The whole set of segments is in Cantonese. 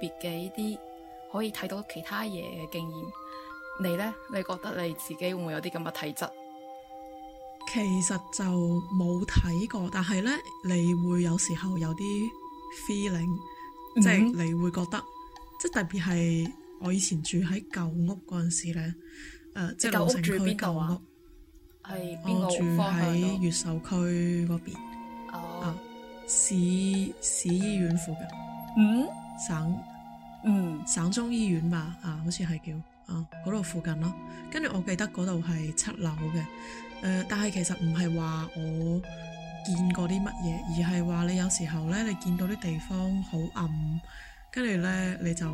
別嘅呢啲可以睇到其他嘢嘅經驗，你呢？你覺得你自己會唔會有啲咁嘅體質？其實就冇睇過，但係呢，你會有時候有啲 feeling，即係你會覺得，嗯、即係特別係我以前住喺舊屋嗰陣時咧，即係舊城區，住舊屋，係邊度？我住喺越秀區嗰邊，啊，市市醫院附近。嗯。省嗯、mm. 省中醫院吧啊，好似係叫啊嗰度附近咯，跟住我記得嗰度係七樓嘅，誒、呃、但係其實唔係話我見過啲乜嘢，而係話你有時候咧你見到啲地方好暗，跟住咧你就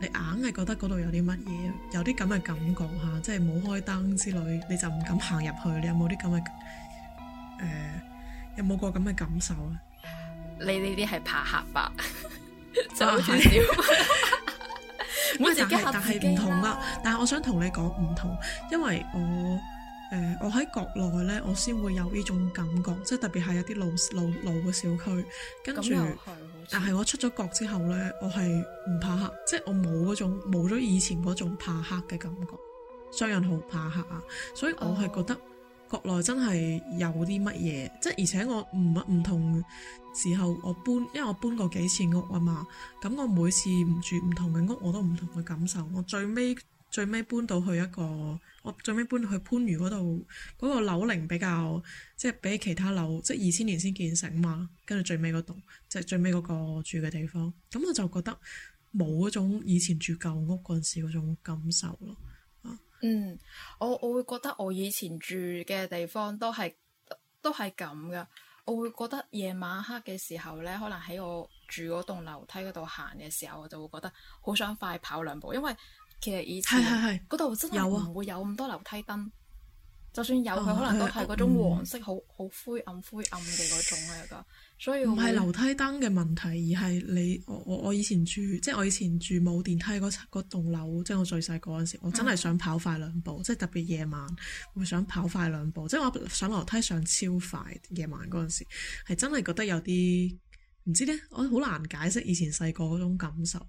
你硬係覺得嗰度有啲乜嘢，有啲咁嘅感覺吓、啊，即係冇開燈之類，你就唔敢行入去，你有冇啲咁嘅誒有冇、呃、過咁嘅感受咧？你呢啲係怕黑吧。就少，唔係自但係唔同啦，但係我想同你講唔同，因為我誒我喺國內咧，我先會有呢種感覺，即係特別係有啲老老老嘅小區，跟住，但係我出咗國之後咧，我係唔怕黑，即係我冇嗰種冇咗以前嗰種怕黑嘅感覺。雙人豪怕黑啊，所以我係覺得。Oh. 國內真係有啲乜嘢，即係而且我唔唔同時候我搬，因為我搬過幾次屋啊嘛，咁我每次唔住唔同嘅屋，我都唔同嘅感受。我最尾最尾搬到去一個，我最尾搬到去番禺嗰度，嗰個樓齡比較即係比其他樓即係二千年先建成嘛，跟住最尾嗰度即係最尾嗰個住嘅地方，咁我就覺得冇嗰種以前住舊屋嗰陣時嗰種感受咯。嗯，我我會覺得我以前住嘅地方都係都係咁噶，我會覺得夜晚黑嘅時候咧，可能喺我住嗰棟樓梯嗰度行嘅時候，我就會覺得好想快跑兩步，因為其實以前嗰度真係唔會有咁多樓梯燈，啊、就算有，佢可能都係嗰種黃色，好好灰暗灰暗嘅嗰種嚟噶。唔係樓梯燈嘅問題，而係你我我我以前住，即係我以前住冇電梯嗰層嗰棟樓，即係我最細個嗰時，我真係想、嗯、想跑快兩步，即係特別夜晚會想跑快兩步，即係我上樓梯上超快，夜晚嗰陣時係真係覺得有啲唔知咧，我好難解釋以前細個嗰種感受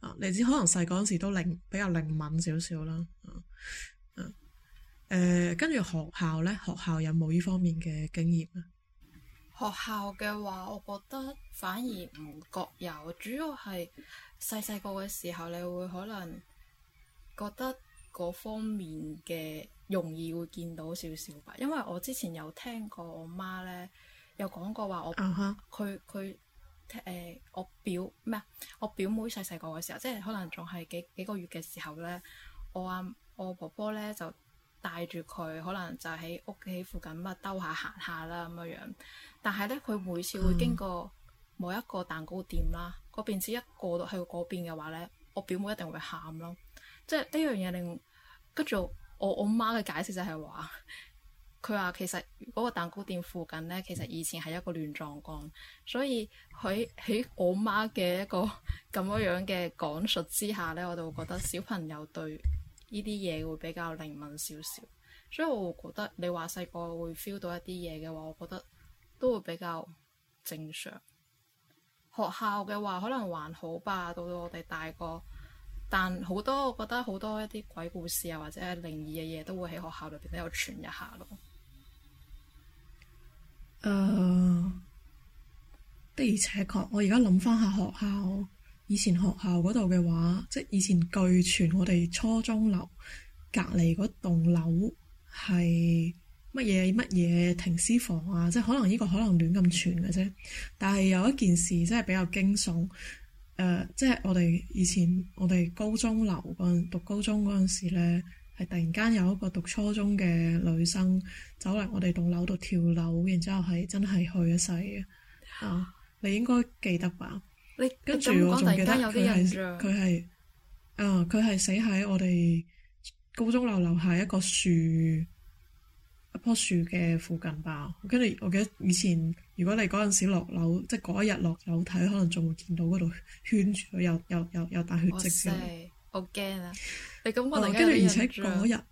啊。你知可能細個嗰時都靈比較靈敏少少啦，嗯、呃、誒，跟住學校咧，學校有冇呢方面嘅經驗咧？學校嘅話，我覺得反而唔覺有，主要係細細個嘅時候，你會可能覺得嗰方面嘅容易會見到少少吧。因為我之前有聽過我媽咧，有講過話我佢佢誒我表咩啊？我表妹細細個嘅時候，即係可能仲係幾幾個月嘅時候咧，我啊我婆婆咧就。帶住佢，可能就喺屋企附近乜兜下行下啦咁樣樣。但係咧，佢每次會經過某一個蛋糕店啦，嗰、嗯、邊只一過到去嗰邊嘅話咧，我表妹一定會喊咯。即係呢樣嘢令跟住我我媽嘅解釋就係話，佢話其實嗰個蛋糕店附近咧，其實以前係一個亂葬崗。所以佢喺我媽嘅一個咁樣樣嘅講述之下咧，我就會覺得小朋友對。呢啲嘢會比較靈敏少少，所以我覺得你話細個會 feel 到一啲嘢嘅話，我覺得都會比較正常。學校嘅話可能還好吧，到到我哋大個，但好多我覺得好多一啲鬼故事啊，或者係靈異嘅嘢，都會喺學校裏邊都有傳一下咯。呃，嗯，的而且確，我而家諗翻下學校。以前學校嗰度嘅話，即係以前據傳我哋初中樓隔離嗰棟樓係乜嘢乜嘢停屍房啊！即係可能呢個可能亂咁傳嘅啫。但係有一件事真係比較驚悚，誒、呃，即係我哋以前我哋高中樓嗰陣讀高中嗰陣時咧，係突然間有一個讀初中嘅女生走嚟我哋棟樓度跳樓，然之後係真係去咗世嘅。啊，你應該記得吧？跟住我仲記得佢係佢係，啊佢係死喺我哋高中樓樓下一個樹一樖樹嘅附近吧。跟住我記得以前，如果你嗰陣時落樓，即係嗰一日落樓睇，可能仲會見到嗰度圈住佢，有有有有大血跡嘅。好驚啊！你咁我突然間有印象。哦，跟住而且嗰日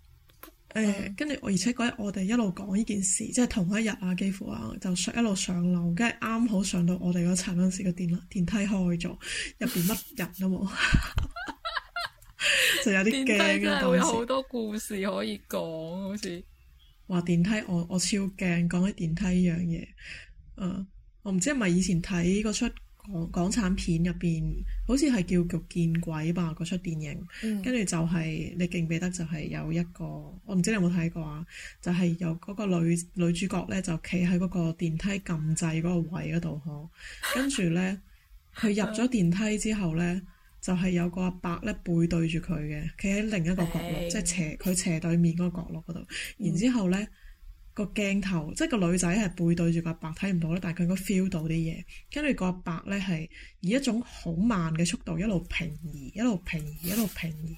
誒，跟住我，而且嗰日我哋一路講呢件事，即係同一日啊，幾乎啊，就上一路上樓，跟住啱好上到我哋嗰層嗰陣時，個電梯電梯開咗，入邊乜人都冇，就有啲驚啊！有好多故事可以講，好似話電梯，我我超驚講起電梯呢樣嘢，誒、嗯，我唔知係咪以前睇嗰出。港產片入邊，好似係叫《叫見鬼》吧，嗰出電影，跟住、嗯、就係你記唔記得就係有一個，我唔知你有冇睇過啊？就係、是、有嗰個女女主角咧，就企喺嗰個電梯撳掣嗰個位嗰度可，跟住咧佢入咗電梯之後咧，就係、是、有個阿伯咧背對住佢嘅，企喺另一個角落，即係斜佢斜對面嗰個角落嗰度，然之後咧。嗯個鏡頭即係個女仔係背對住個白睇唔到咧，但係佢應該 feel 到啲嘢。跟住個白咧係以一種好慢嘅速度一路平移，一路平移，一路平移。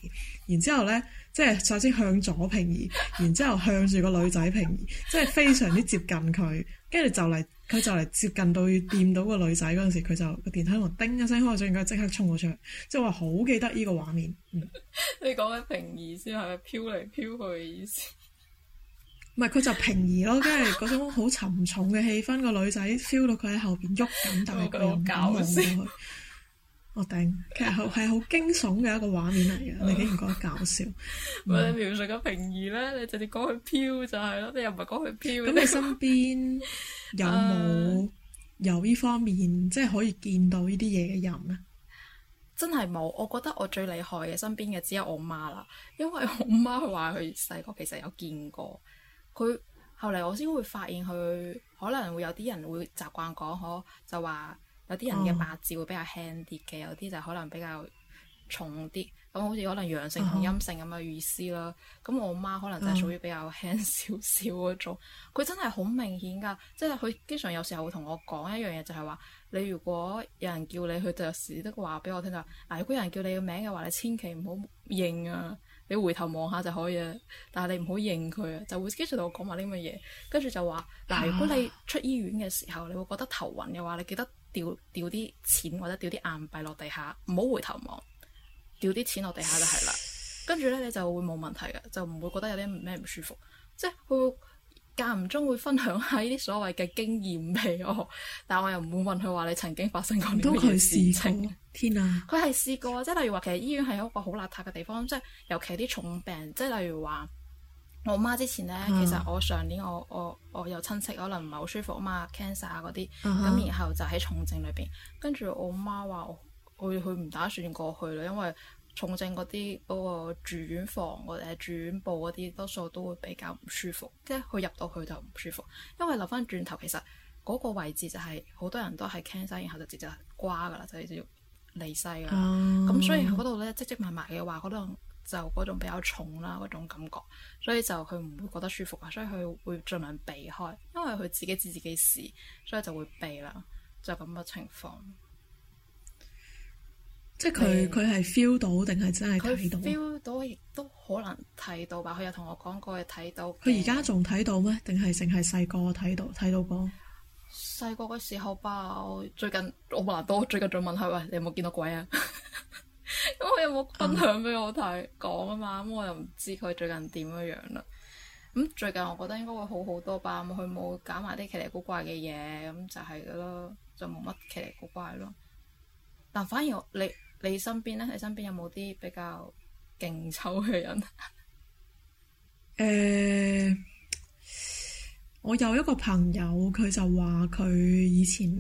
然之後咧，即係首先向左平移，然之後向住個女仔平移，即係非常之接近佢。跟住就嚟，佢就嚟接近到要掂到個女仔嗰陣時，佢就個電梯門叮一聲開咗，應該即刻衝咗出去。即係話好記得呢個畫面。嗯、你講緊平移先係咪飄嚟飄去嘅意思？唔係，佢就平移咯，即係嗰種好沉重嘅氣氛。個女仔 feel 到佢喺後邊喐緊，但係佢唔敢望過去。我頂，其實好係好驚悚嘅一個畫面嚟嘅。你竟然覺得搞笑？你 描述嘅平移咧，你直接講佢飄就係咯。你又唔係講佢飄咁？嗯、你身邊有冇有呢方面即係可以見到呢啲嘢嘅人咧？啊、真係冇。我覺得我最厲害嘅身邊嘅只有我媽啦，因為我媽話佢細個其實有見過。佢後嚟我先會發現佢可能會有啲人會習慣講可就話有啲人嘅八字會比較輕啲嘅，嗯、有啲就可能比較重啲。咁好似可能陽性同陰性咁嘅意思啦。咁、嗯、我媽可能就屬於比較輕少少嗰種。佢、嗯、真係好明顯㗎，即係佢經常有時候會同我講一樣嘢，就係、是、話你如果有人叫你佢就時時都話俾我聽就話，如果有人叫你嘅名嘅話，你千祈唔好應啊！你回頭望下就可以，但係你唔好認佢啊。就會經常同我講埋呢啲嘢，跟住就話：嗱，如果你出醫院嘅時候，啊、你會覺得頭暈嘅話，你記得掉掉啲錢或者掉啲硬幣落地下，唔好回頭望，掉啲錢落地下就係啦。跟住咧你就會冇問題嘅，就唔會覺得有啲咩唔舒服，即係會,會。間唔中會分享下呢啲所謂嘅經驗俾我，但係我又唔會問佢話你曾經發生過啲咩事情。天啊！佢係試過，即係例如話其實醫院係一個好邋遢嘅地方，即係尤其啲重病，即係例如話我媽之前咧，嗯、其實我上年我我我有親戚可能唔係好舒服啊嘛，cancer 嗰啲，咁、嗯、然後就喺重症裏邊，跟住我媽話我佢唔打算過去啦，因為。重症嗰啲嗰個住院房，或者住院部嗰啲多數都會比較唔舒服，即係佢入到去就唔舒服，因為留翻轉頭其實嗰個位置就係、是、好多人都係 cancer，然後就直接瓜噶啦，就要離世噶啦，咁、嗯、所以嗰度咧積積埋埋嘅話，嗰種就嗰種比較重啦，嗰種感覺，所以就佢唔會覺得舒服啊，所以佢會盡量避開，因為佢自己知自己事，所以就會避啦，就咁嘅情況。即係佢佢係 feel 到定係真係睇到？佢 feel 到亦都可能睇到吧。佢有同我講過，有睇到,到,到。佢而家仲睇到咩？定係淨係細個睇到睇到過？細個嗰時候吧。最近我唔多，最近仲問佢喂，你有冇見到鬼啊？咁 佢有冇分享俾我睇講啊嘛。咁我又唔知佢最近點樣樣啦。咁最近我覺得應該會好好多吧。佢冇搞埋啲奇離古怪嘅嘢，咁就係噶咯，就冇乜奇離古怪咯。但反而你。你身邊咧？你身邊有冇啲比較勁抽嘅人？誒，uh, 我有一個朋友，佢就話佢以前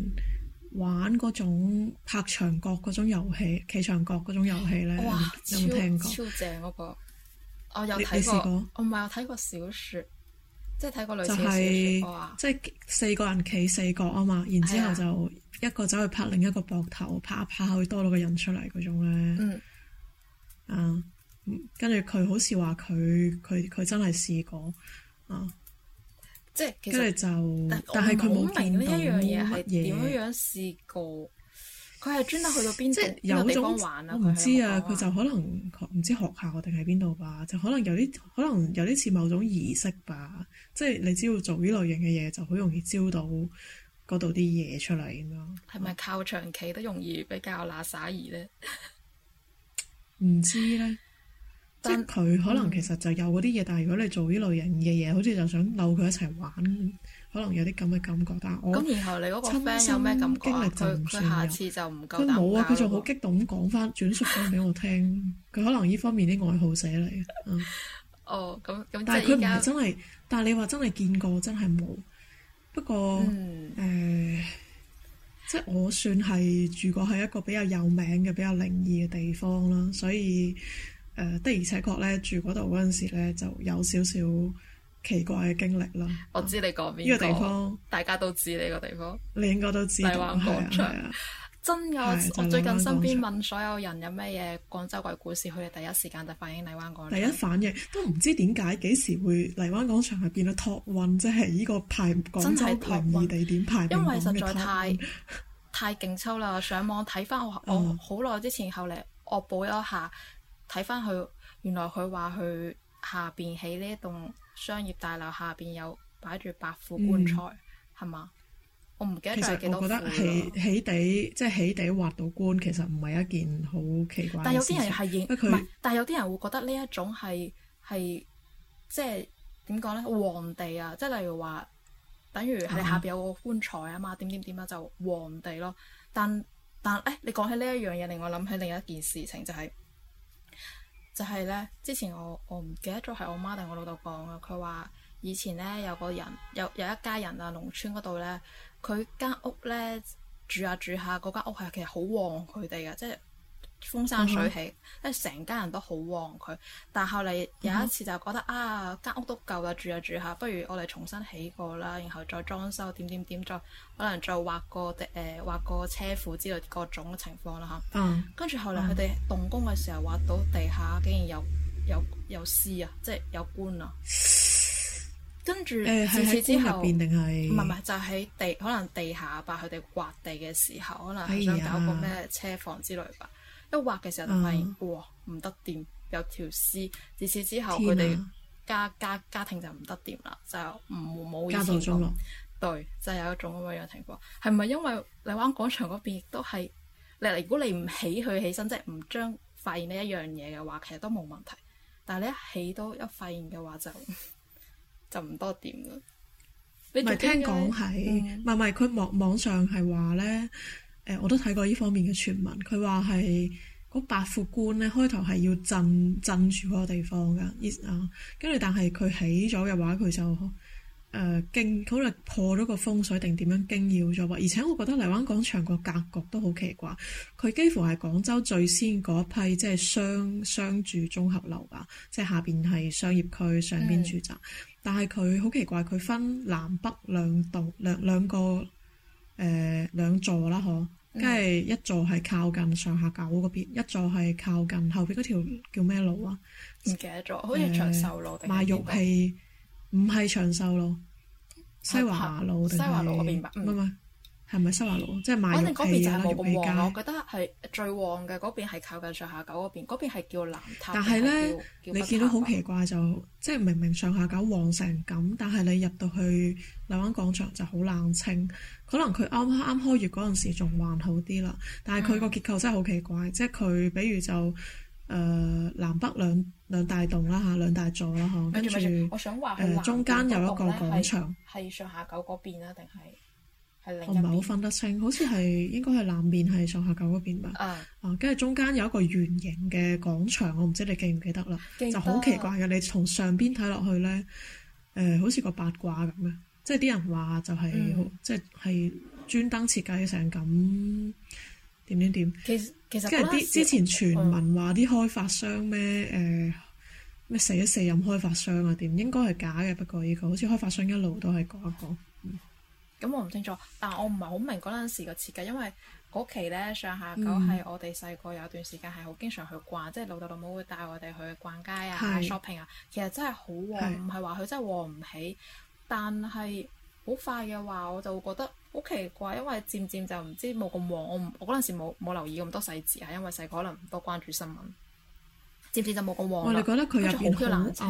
玩嗰種拍牆角嗰種遊戲，企牆角嗰種遊戲咧。哇！有冇聽過超超正嗰、嗰個，我有睇過。過哦、我唔係有睇過小説，即係睇過女仔，小即係四個人企四角啊嘛，嗯、然之後就。一個走去拍另一個膊頭，拍下拍下多咗個人出嚟嗰種咧、嗯啊。啊，跟住佢好似話佢佢佢真係試過啊，即係跟住就但係佢冇明呢一樣嘢係點樣樣試過。佢係專登去到邊即係有種玩啊？我唔知啊，佢就可能唔知學校定係邊度吧？就可能有啲可能有啲似某種儀式吧。即係你只要做呢類型嘅嘢，就好容易招到。嗰度啲嘢出嚟咯，係、啊、咪靠牆企都容易比較拿撒而咧？唔知咧，嗯、即係佢可能其實就有嗰啲嘢，但係如果你做呢類型嘅嘢，好似就想扭佢一齊玩，Coleman> er>、可能有啲咁嘅感覺。但係我咁，然後你嗰個 friend 有咩咁經歷就唔算佢冇啊！佢仲好激動咁講翻轉述翻俾我聽，佢可能呢方面啲愛好寫嚟。哦，咁咁，但係佢唔係真係，但係你話真係見過，真係冇。不過誒、嗯呃，即係我算係住過係一個比較有名嘅比較靈異嘅地方啦，所以誒、呃、的而且確咧，住嗰度嗰陣時咧就有少少奇怪嘅經歷啦。我知你講呢個地方，呃、大家都知你個地方，你應該都知荔灣廣場。真噶！我最近身邊問所有人有咩嘢廣州鬼故事，佢哋第一時間就反映荔灣廣場。第一反應都唔知點解幾時會荔灣廣場係變咗 top one，即係呢個排廣州排異地點排因為實在太 太勁抽啦！上網睇翻我好耐、嗯、之前，後嚟我補咗下睇翻佢，原來佢話佢下邊起呢一棟商業大樓下邊有擺住百富棺材，係嘛、嗯？我唔記得咗係幾多個咯。我覺得起起底即係起底挖到棺，其實唔係一件好奇怪嘅事。但係有啲人係認唔係，但係有啲人會覺得呢一種係係即係點講咧？皇帝啊，即係例如話，等於係下邊有個棺材啊嘛，點點點啊怎樣怎樣怎樣，就皇帝咯。但但誒、欸，你講起呢一樣嘢，令我諗起另一件事情、就係，就係就係咧。之前我我唔記得咗係我媽定我老豆講嘅。佢話以前咧有個人有有，有一家人啊，農村嗰度咧。佢間屋咧住下住下，嗰間屋係其實好旺佢哋嘅，即係風生水起，即係成家人都好旺佢。但後嚟有一次就覺得、mm hmm. 啊，間屋都夠啦，住下住下，不如我哋重新起過啦，然後再裝修點點點，再可能再挖個誒、呃、挖個車庫之類各種嘅情況啦嚇。Mm hmm. 跟住後嚟佢哋動工嘅時候挖到地下竟然有、mm hmm. 有有屍啊，即係有棺啊！跟住、嗯、自此之後，唔係唔係，就喺、是、地可能地下吧。佢哋挖地嘅時候，可能想搞個咩車房之類吧。啊、一挖嘅時候、就是，就發現哇唔得掂，有條屍。自此之後，佢哋、啊、家家家庭就唔得掂啦，就唔冇以前咁。對，就係有一種咁樣嘅情況。係咪因為荔灣廣場嗰邊亦都係？你如果你唔起佢起身，即係唔將發現呢一樣嘢嘅話，其實都冇問題。但係你一起都一發現嘅話，就～就唔多掂啦。唔係聽講係唔係唔係佢網網上係話咧？誒，我都睇過呢方面嘅傳聞。佢話係嗰百富官咧，開頭係要鎮鎮住嗰個地方噶，啊、嗯，跟住但係佢起咗嘅話，佢就。誒，驚、呃、可能破咗個風水定點樣驚擾咗吧？而且我覺得荔灣廣場個格局都好奇怪，佢幾乎係廣州最先嗰一批即係商商住綜合樓噶，即係下邊係商業區，上邊住宅。嗯、但係佢好奇怪，佢分南北兩度兩兩個誒兩、呃、座啦，嗬，梗係一座係靠近上下九嗰邊，一座係靠近後邊嗰條叫咩路啊？唔記得咗，好似長壽路定、呃、賣玉器。嗯唔係長壽路，西華路，西華路嗰邊吧？唔係、嗯，係咪西華路？嗯、即係賣皮嘅啦。我，我覺得係最旺嘅嗰邊係靠近上下九嗰邊，嗰邊係叫南塔。但係咧，你見到好奇怪就，即係明明上下九旺成咁，但係你入到去荔灣廣場就好冷清。可能佢啱啱啱開業嗰陣時仲還，還好啲啦，但係佢個結構真係好奇怪，嗯、即係佢比如就。誒、呃、南北兩兩大棟啦嚇，兩大座啦嚇，跟住、呃、我想話誒中間有一個廣場，係上下九嗰邊啊，定係係另一邊？我唔係好分得清，好似係應該係南面係上下九嗰邊吧。嗯、啊，跟住中間有一個圓形嘅廣場，我唔知你記唔記得啦，得就好奇怪嘅。你從上邊睇落去咧，誒、呃，好似個八卦咁樣，即係啲人話就係，嗯、即係專登設計成咁。點點點，其實其實跟住啲之前傳聞話啲開發商咩誒咩死一死任開發商啊，點應該係假嘅，不過呢、呢個好似開發商一路都係講一講。咁、嗯嗯、我唔清楚，但我唔係好明嗰陣時個設計，因為嗰期咧上下九係我哋細個有一段時間係好經常去逛，嗯、即係老豆老母會帶我哋去逛街啊、shopping 啊，其實真係好旺，唔係話佢真係旺唔起，但係。好快嘅話，我就會覺得好奇怪，因為漸漸就唔知冇咁旺。我唔我嗰時冇冇留意咁多細節，係因為細個可能唔多關注新聞。漸漸就冇咁旺。我哋、哦、覺得佢入邊好冷清，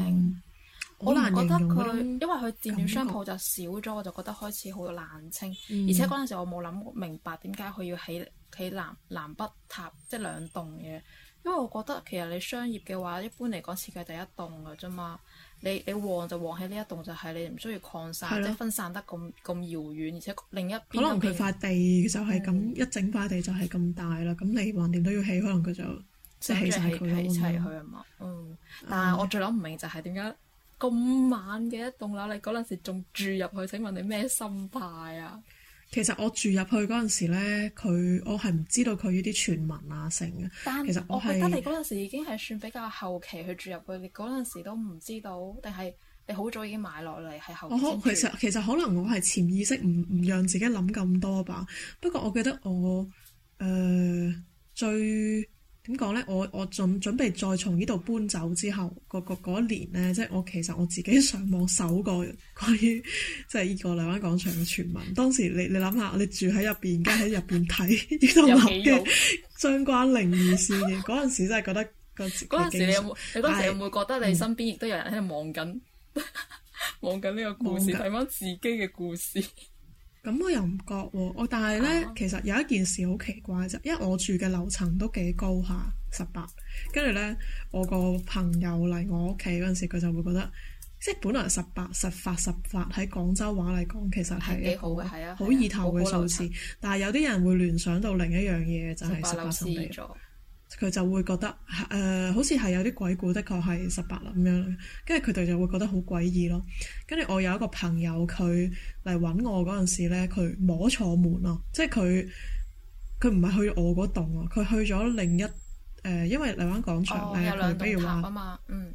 好難用。我覺得佢因為佢佔咗商鋪就少咗，我就覺得開始好冷清。嗯、而且嗰陣時我冇諗明白點解佢要起起南南北塔即係、就是、兩棟嘅，因為我覺得其實你商業嘅話，一般嚟講設計第一棟嘅啫嘛。你你旺就旺起呢一棟，就係你唔需要擴散，即分散得咁咁遙遠，而且另一邊可能佢塊地就係咁，嗯、一整塊地就係咁大啦。咁你橫掂都要起，可能佢就即係起晒佢起一齊去啊嘛，嗯。但係我最諗唔明就係點解咁晚嘅一棟樓，你嗰陣時仲住入去？請問你咩心態啊？其實我住入去嗰陣時咧，佢我係唔知道佢呢啲傳聞啊成嘅。但其實我係，我覺得你嗰陣時已經係算比較後期去住入去，你嗰陣時都唔知道，定係你好早已經買落嚟係後期。期？其實其實可能我係潛意識唔唔讓自己諗咁多吧。不過我記得我誒、呃、最。點講咧？我我準準備再從呢度搬走之後，嗰年咧，即係我其實我自己上網搜過關於即係呢個荔灣廣場嘅傳聞。當時你你諗下，你住喺入邊，而家喺入邊睇呢棟樓嘅相關靈異事件，嗰陣 時真係覺得陣 時，時你有冇？你陣時會唔會覺得你身邊亦都有人喺度望緊？望緊呢個故事，睇翻自己嘅故事。咁我又唔覺喎，我但係咧，嗯、其實有一件事好奇怪就，因為我住嘅樓層都幾高下，十八，跟住咧我個朋友嚟我屋企嗰陣時，佢就會覺得，即係本來十八十發十發喺廣州話嚟講，其實係幾好嘅，係啊，好意頭嘅數字，啊、但係有啲人會聯想到另一樣嘢，就係、是、十八十禮。佢就會覺得誒、呃，好似係有啲鬼故，的確係十八啦咁樣。跟住佢哋就會覺得好詭異咯。跟住我有一個朋友，佢嚟揾我嗰陣時咧，佢摸錯門咯，即係佢佢唔係去我嗰棟啊，佢去咗另一誒、呃，因為荔灣廣場誒，哦、比如話，嗯，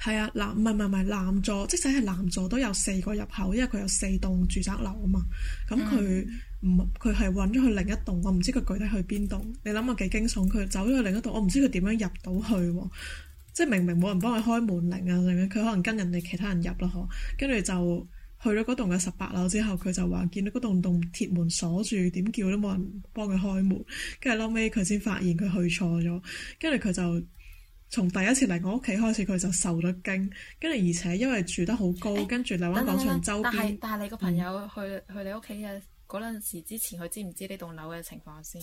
係啊，南唔係唔係唔係南座，即使係南座都有四個入口，因為佢有四棟住宅樓啊嘛，咁佢。嗯唔，佢係揾咗去另一棟，我唔知佢具體去邊棟。你諗下幾驚悚！佢走咗去另一棟，我唔知佢點樣入到去喎。即係明明冇人幫佢開門鈴啊，咁樣佢可能跟人哋其他人入啦，嗬。跟住就去咗嗰棟嘅十八樓之後，佢就話見到嗰棟棟鐵門鎖住，點叫都冇人幫佢開門。跟住後尾佢先發現佢去錯咗，跟住佢就從第一次嚟我屋企開始，佢就受咗驚。跟住而且因為住得好高，欸、跟住荔灣廣場周邊，欸、等等等等但係但係你個朋友、嗯、去去你屋企嘅。嗰陣時之前，佢知唔知呢棟樓嘅情況先？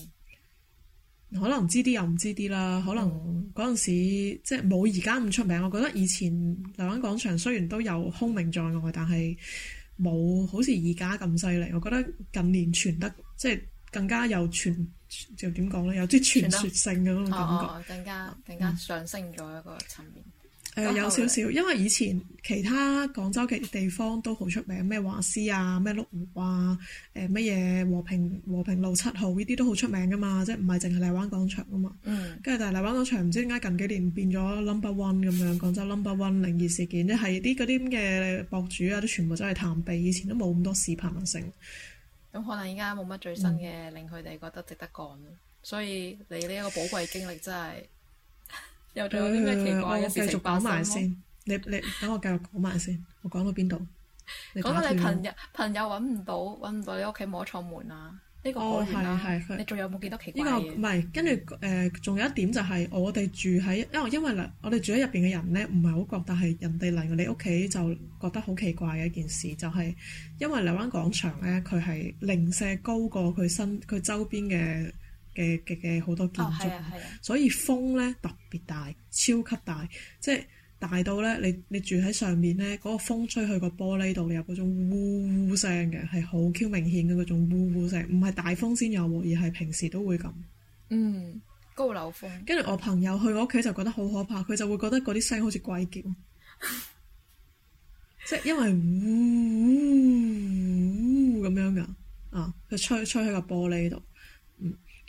可能知啲又唔知啲啦。嗯、可能嗰陣時即係冇而家咁出名。我覺得以前荔灣廣場雖然都有空名在外，但係冇好似而家咁犀利。我覺得近年傳得即係、就是、更加有傳，就點講咧？有啲傳說性嘅嗰種感覺，嗯嗯哦、更加更加上升咗一個層面。嗯嗯、有少少，嗯、因為以前其他廣州嘅地方都好出名，咩華師啊、咩麓湖啊、誒乜嘢和平和平路七號呢啲都好出名噶嘛，即係唔係淨係荔灣廣場啊嘛。嗯。跟住但係荔灣廣場唔知點解近幾年變咗 number one，咁樣，廣州 number one 靈異事件即係啲嗰啲嘅博主啊，都全部都係探秘，以前都冇咁多視頻性。咁、嗯、可能依家冇乜最新嘅令佢哋覺得值得講，所以你呢一個寶貴經歷真係～又有咗啲咩奇怪嘅事情繼續講埋先，你你等我繼續講埋先，我講到邊度？講到你朋友朋友揾唔到揾唔到你屋企摸錯門、這個哦、啊？呢個可以啦。啊、你仲有冇記得？奇怪嘅？唔係、這個，跟住誒，仲、呃、有一點就係、是、我哋住喺因為因為我哋住喺入邊嘅人咧，唔係好覺得係人哋嚟你屋企就覺得好奇怪嘅一件事，就係、是、因為荔灣廣場咧，佢係零舍高過佢身佢周邊嘅。嘅嘅嘅好多建築，哦啊啊、所以風咧特別大，超級大，即係大到咧，你你住喺上面咧，嗰、嗰個風吹去個玻璃度，有嗰種呼呼聲嘅，係好 Q 明顯嘅嗰種呼呼聲，唔係大風先有，而係平時都會咁。嗯，高樓風。跟住我朋友去我屋企就覺得好可怕，佢就會覺得嗰啲聲好似鬼叫，即係因為呼咁樣噶，啊，佢吹吹喺個玻璃度。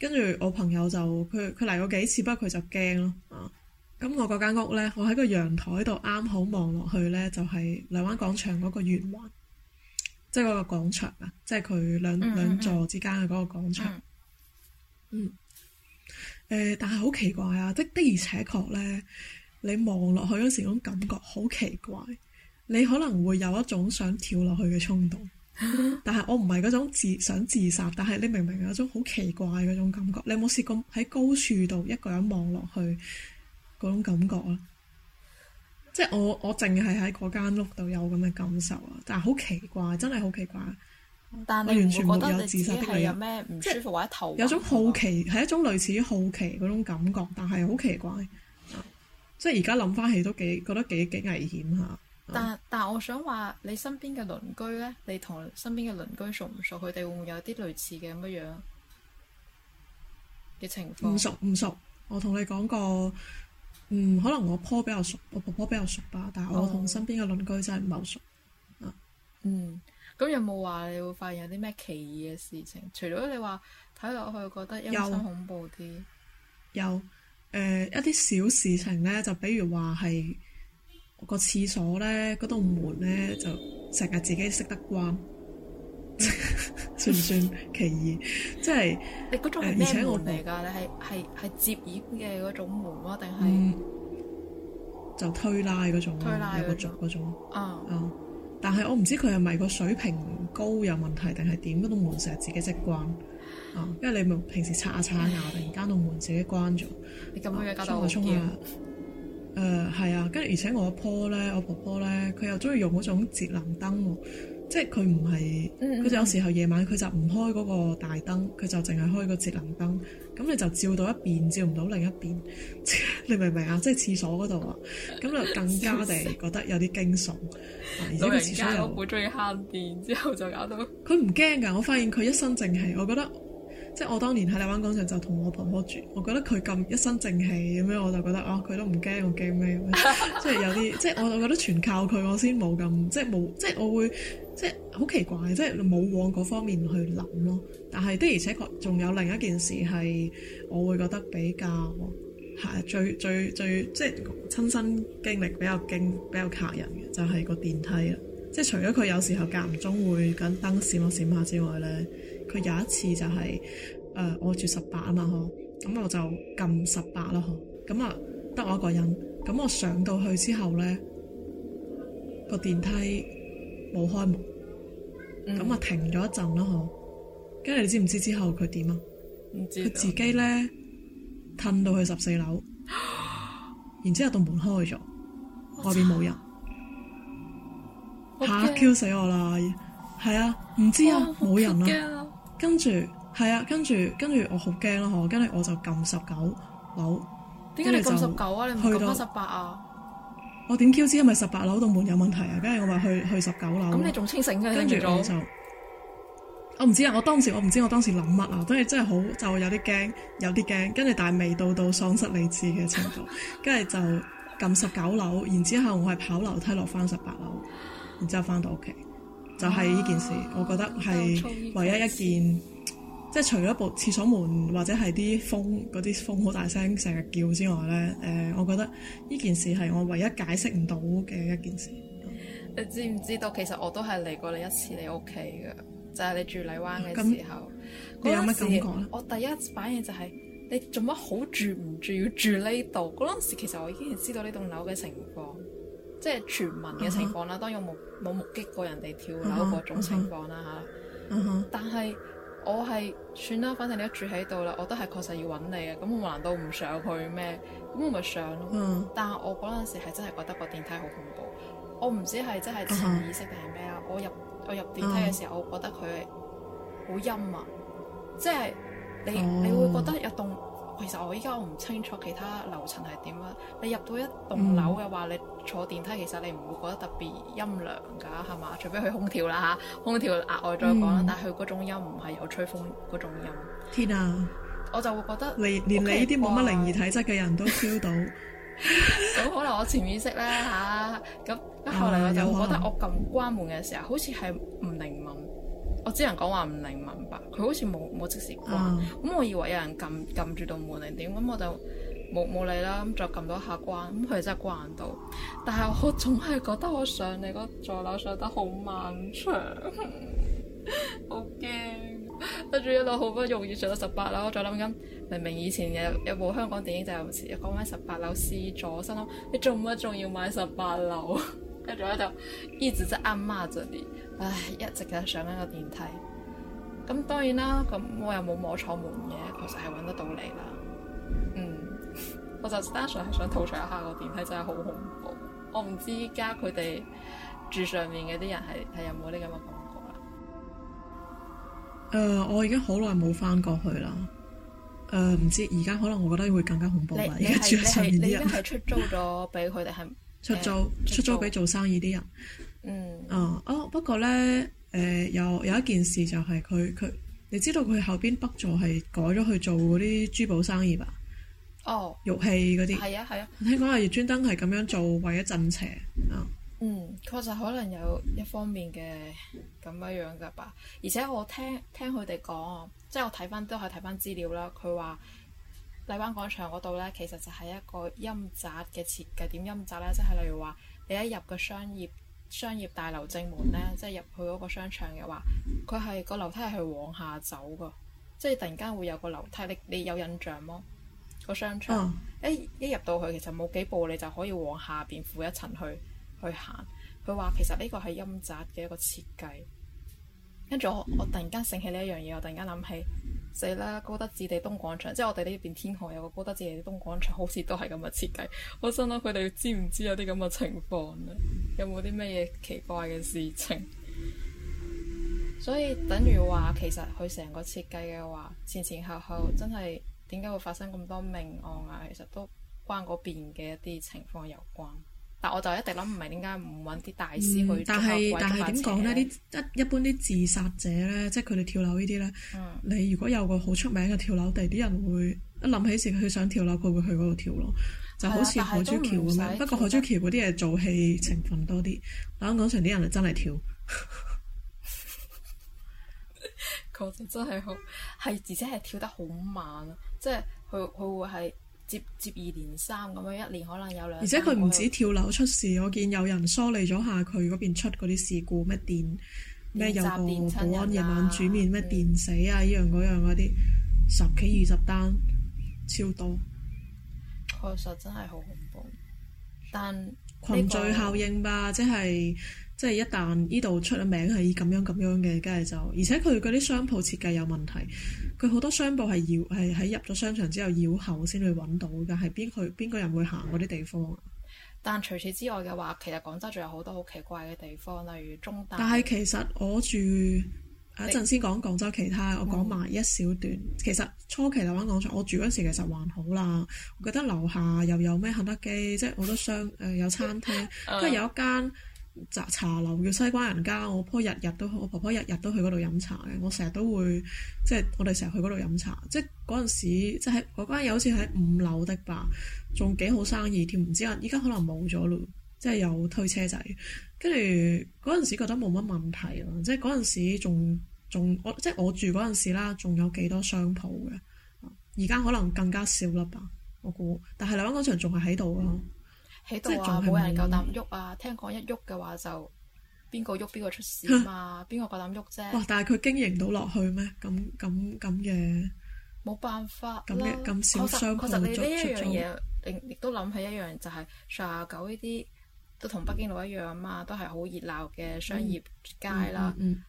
跟住我朋友就佢佢嚟過幾次，不過佢就驚咯啊。咁我嗰間屋咧，我喺個陽台度啱好望落去咧，就係荔灣廣場嗰個圓環，即係嗰個廣場啊，即係佢兩嗯嗯兩座之間嘅嗰個廣場。嗯。誒、呃，但係好奇怪啊！即的而且確咧，你望落去嗰時，種感覺好奇怪，你可能會有一種想跳落去嘅衝動。但係我唔係嗰種自想自殺，但係你明唔明有種好奇怪嗰種感覺？你有冇試過喺高處度一個人望落去嗰種感覺啊？即係我我淨係喺嗰間屋度有咁嘅感受啊！但係好奇怪，真係好奇怪。但係完全冇有自殺的你有咩唔舒服或者頭？有種好奇係一種類似於好奇嗰種感覺，但係好奇怪。即係而家諗翻起都幾覺得幾幾危險吓。但但我想話，你身邊嘅鄰居咧，你同身邊嘅鄰居熟唔熟？佢哋會唔會有啲類似嘅咁樣嘅情況？唔熟唔熟，我同你講過，嗯，可能我婆比較熟，我婆婆比較熟吧，但係我同身邊嘅鄰居真係唔係好熟。哦、嗯，咁有冇話你會發現有啲咩奇異嘅事情？除咗你話睇落去覺得陰森恐怖啲，有誒、呃、一啲小事情咧，就比如話係。個廁所咧，嗰道門咧就成日自己識得關，算唔算奇異？即係你嗰種係咩、呃、門嚟噶？你係係係折疊嘅嗰種門啊？定係、嗯、就推拉嗰種、啊、種？推拉嗰種，啊、嗯、但係我唔知佢係咪個水平高有問題，定係點？嗰道門成日自己識關啊、嗯，因為你平時刷下刷下牙，突然間道門自己關咗。你咁樣嘅家道點？嗯誒係、uh, 啊，跟住而且我阿婆咧，我婆婆咧，佢又中意用嗰種節能燈喎，即係佢唔係，佢就 有時候夜晚佢就唔開嗰個大燈，佢就淨係開個節能燈，咁你就照到一邊，照唔到另一邊，你明唔明啊？即係廁所嗰度啊，咁 就更加地覺得有啲驚悚，而且佢廁所又我好中意慳電，之後就搞到佢唔驚㗎，我發現佢一身正氣，我覺得。即係我當年喺荔灣廣場就同我婆婆住，我覺得佢咁一身正氣咁樣，我就覺得啊佢、哦、都唔驚我驚咩，即係有啲即係我就覺得全靠佢，我先冇咁即係冇即係我會即係好奇怪，即係冇往嗰方面去諗咯。但係的而且確仲有另一件事係，我會覺得比較係最最最，最即係親身經歷比較驚比較嚇人嘅，就係、是、個電梯啦。即係除咗佢有時候間唔中會緊燈閃下閃下之外咧。佢有一次就係、是、誒、呃、我住十八啊嘛嗬，咁、哎、我就撳十八啦嗬，咁啊得我一個人，咁我上到去之後咧個電梯冇開門，咁啊停咗一陣啦嗬，跟住你知唔知之後佢點啊？唔知佢自己咧褪到去十四樓，然之後到門開咗，外邊冇人，吓 Q 死我啦！係啊，唔知啊，冇人啊。跟住，係啊，跟住，跟住，跟住我好驚啦，我跟住我就撳十九樓。點解你撳十九啊？你唔係十八啊？我點 Q 知係咪十八樓度門有問題啊？跟住我話去去十九樓。咁你仲清醒，跟住我就 我唔知啊！我當時我唔知我當時諗乜啊！跟住真係真係好，就有啲驚，有啲驚。跟住但係未到到喪失理智嘅程度。跟住 就撳十九樓，然之後我係跑樓梯落翻十八樓，然之後翻到屋企。就係呢件事，啊、我覺得係唯一一件，嗯、即係除咗部廁所門 或者係啲風嗰啲風好大聲，成日叫之外呢，誒、呃，我覺得呢件事係我唯一解釋唔到嘅一件事。嗯、你知唔知道？其實我都係嚟過你一次你屋企嘅，就係、是、你住荔灣嘅時候。嗯、你有乜感覺咧？我第一反應就係、是、你做乜好住唔住要住呢度？嗰陣時其實我已經係知道呢棟樓嘅情況。即係傳聞嘅情況啦，uh huh. 當有當然我冇冇目擊過人哋跳樓嗰種情況啦吓，uh huh. uh huh. 但係我係算啦，反正你都住喺度啦，我都係確實要揾你嘅，咁我難道唔上去咩？咁我咪上咯。Uh huh. 但係我嗰陣時係真係覺得個電梯好恐怖，我唔知係真係潛意識定係咩啊！Uh huh. 我入我入電梯嘅時候，uh huh. 我覺得佢好陰啊，即係你、uh huh. 你會覺得有動。其實我依家我唔清楚其他樓層係點啦。你入到一棟樓嘅話，嗯、你坐電梯其實你唔會覺得特別陰涼㗎，係嘛？除非佢空調啦嚇，空調額外再講啦。嗯、但係佢嗰種音唔係有吹風嗰種音。天啊！我就會覺得你連連 <okay S 2> 你呢啲冇乜靈異體質嘅人都 feel 到。咁可能我潛意識咧嚇，咁、啊、咁後嚟我就覺得我咁關門嘅時候好似係唔靈敏。我只能講話唔明明白，佢好似冇冇即時關，咁、嗯、我以為有人撳撳住到門定點，咁我就冇冇理啦，咁再撳多下關，咁佢真係關到。但係我總係覺得我上你嗰座樓上得好漫長，呵呵好驚。跟住一路好不容易上到十八樓，我再諗緊，明明以前有有部香港電影就有係講翻十八樓 C 座，心諗，你做乜仲要買十八樓？跟住咧就依住隻阿媽做啲，唉，一直喺上緊個電梯。咁當然啦，咁我又冇摸錯門嘅，確實係搵得到你啦。嗯，我就單純係想吐槽一下個電梯真係好恐怖。我唔知依家佢哋住上面嗰啲人係係有冇啲咁嘅感覺啦。誒，uh, 我已經好耐冇翻過去啦。誒、uh，唔知而家可能我覺得會更加恐怖你。你在在你係你係你而家係出租咗俾佢哋係？出租、嗯、出租俾做生意啲人，嗯，啊，哦，不過咧，誒、呃，有有一件事就係佢佢，你知道佢後邊北座係改咗去做嗰啲珠寶生意吧？哦，玉器嗰啲，係啊係啊，聽講係要專登係咁樣做，為咗鎮邪啊。嗯，確實可能有一方面嘅咁樣樣㗎吧。而且我聽聽佢哋講，即係我睇翻都係睇翻資料啦。佢話。荔灣廣場嗰度咧，其實就係一個陰宅嘅設計。點陰宅咧，即係例如話，你一入個商業商業大樓正門咧，即係入去嗰個商場嘅話，佢係、個樓梯係往下走噶，即係突然間會有個樓梯。你你有印象麼？個商場，嗯、一一入到去其實冇幾步，你就可以往下邊負一層去去行。佢話其實呢個係陰宅嘅一個設計。跟住我我突然間醒起呢一樣嘢，我突然間諗起，起。死啦！高德置地東廣場，即係我哋呢邊天河有個高德置地東廣場，好似都係咁嘅設計。我心諗佢哋知唔知有啲咁嘅情況咧？有冇啲咩嘢奇怪嘅事情？所以等於話，其實佢成個設計嘅話，前前後後真係點解會發生咁多命案啊？其實都關嗰邊嘅一啲情況有關。但我就一定諗唔明點解唔揾啲大師去、嗯、但係但係點講咧？啲一一般啲自殺者咧，即係佢哋跳樓呢啲咧。嗯、你如果有個好出名嘅跳樓地，啲人會一諗起時，佢想跳樓，佢會去嗰度跳咯。嗯、就好似海珠橋咁樣。嗯、不過海珠橋嗰啲嘢做戲成分多啲，喺香港場啲人係真係跳。確實真係好，係而且係跳得好慢啊！即係佢佢會係。接接二連三咁樣，一年可能有兩單。而且佢唔止跳樓出事，我，我見有人梳理咗下佢嗰邊出嗰啲事故，咩電咩有個保安夜晚煮麵咩電死啊，呢、嗯、樣嗰樣嗰啲十幾二十單超多。確實真係好恐怖，但群聚效應吧，即係。即係一旦呢度出咗名係咁樣咁樣嘅，跟住就而且佢嗰啲商鋪設計有問題，佢好多商鋪係繞係喺入咗商場之後繞後先去揾到嘅。係邊去邊個人會行嗰啲地方？但除此之外嘅話，其實廣州仲有好多好奇怪嘅地方，例如中大。但係其實我住我一陣先講廣州其他，我講埋一,一小段。嗯、其實初期荔灣廣場，我住嗰時其實還好啦。我覺得樓下又有咩肯德基，即係好多商誒有餐廳，跟住 有，有一間。茶茶樓叫西關人家，我婆日日都去。我婆婆日日都去嗰度飲茶嘅，我成日都會即係我哋成日去嗰度飲茶，即係嗰陣時即係嗰間又好似喺五樓的吧，仲幾好生意添，唔知啊，依家可能冇咗咯，即係有推車仔，跟住嗰陣時覺得冇乜問題咯，即係嗰陣時仲仲我即係我住嗰陣時啦，仲有幾多商鋪嘅，而家可能更加少啦吧，我估，但係荔灣廣場仲係喺度咯。嗯喺度話！冇人夠膽喐啊！聽講一喐嘅話就邊個喐邊個出事啊嘛！邊個夠膽喐啫？啊、哇！但係佢經營到落去咩？咁咁咁樣冇辦法啦！咁其實你做呢樣，嘢，亦都諗起一樣就係、係、上下九呢啲都同北京路一樣啊嘛！嗯、都係好熱鬧嘅商業街啦。嗯嗯嗯嗯、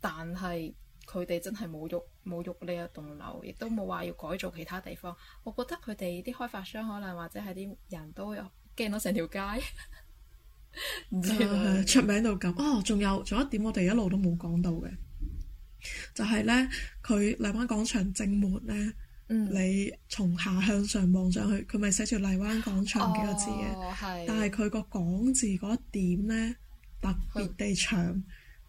但係佢哋真係冇喐冇喐呢一棟樓，亦都冇話要改造其他地方。我覺得佢哋啲開發商可能或者係啲人都有。驚到成條街，係出名到咁。哦，仲有仲有一點，我哋一路都冇講到嘅，就係、是、咧，佢荔灣廣場正門咧，嗯、你從下向上望上去，佢咪寫住荔灣廣場幾個字嘅，哦、但係佢個港字嗰一點咧特別地長。嗯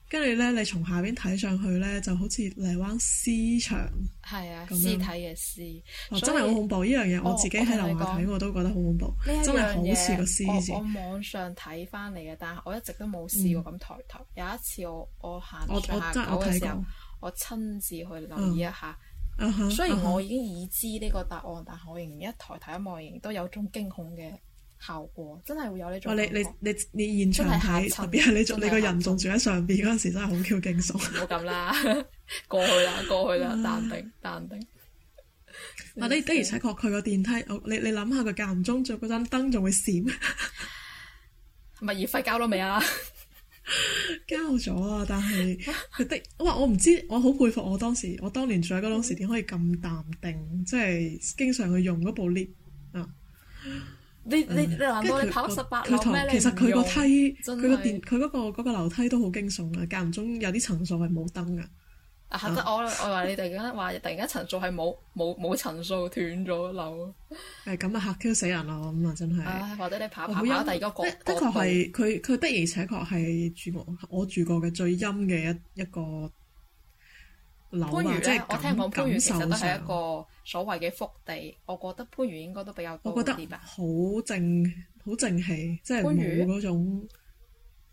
跟住咧，你從下邊睇上去咧，就好似荔灣屍場，係啊，屍體嘅屍。真係好恐怖！呢樣嘢我自己喺樓下睇，我都覺得好恐怖，真係好似個屍。我我網上睇翻嚟嘅，但係我一直都冇試過咁抬頭。有一次我我行下樓嘅時候我親自去留意一下。雖然我已經已知呢個答案，但係我仍然一抬頭一望，仍然都有種驚恐嘅。效果真係會有呢種。哇！你你你你現場睇，特別係你仲你個人仲住喺上邊嗰陣時真，真係好叫驚悚。咁啦，過去啦，過去啦，淡定，淡定。或者、啊、的而且確佢個電梯，你你諗下，佢間唔中，着嗰盞燈仲會閃，物業費交咗未啊？交咗啊，但係佢 的哇！我唔知，我好佩服我當時我當年住喺嗰當時點 可以咁淡定，即、就、係、是、經常去用嗰部 lift 啊。你你你，嗯、你難道你跑十八樓咩？你其實佢個梯、佢個電、佢嗰個嗰個樓梯都好驚悚啊！間唔中有啲層數係冇燈噶，嚇得我我話你突然間話突然間層數係冇冇冇層數斷咗樓，係咁 啊嚇 Q 死人咯！咁啊真係，或者你跑爬跑第二個過的確係，佢佢的而且確係住我我住過嘅最陰嘅一一個。番禺咧，即感我聽講番禺其實都係一個所謂嘅福地，我覺得番禺應該都比較多啲啊。好靜，好靜氣，即係冇嗰種。